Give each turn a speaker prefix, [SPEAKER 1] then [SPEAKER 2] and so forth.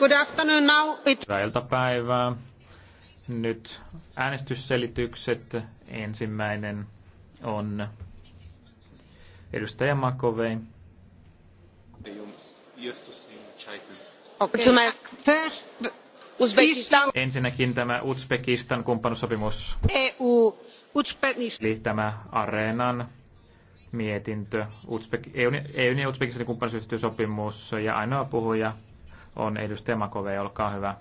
[SPEAKER 1] Good afternoon now. It...
[SPEAKER 2] Hyvää iltapäivää. Nyt äänestysselitykset. Ensimmäinen on edustaja Makovei. Okay. First, Uzbekistan. Ensinnäkin tämä Uzbekistan kumppanussopimus.
[SPEAKER 3] EU, Uzbekistan.
[SPEAKER 2] Eli tämä Areenan mietintö, Uzbek, EUn, EUn ja Uzbekistanin kumppanuusyhteistyösopimus ja ainoa puhuja on edustaja temakove olkaa hyvä.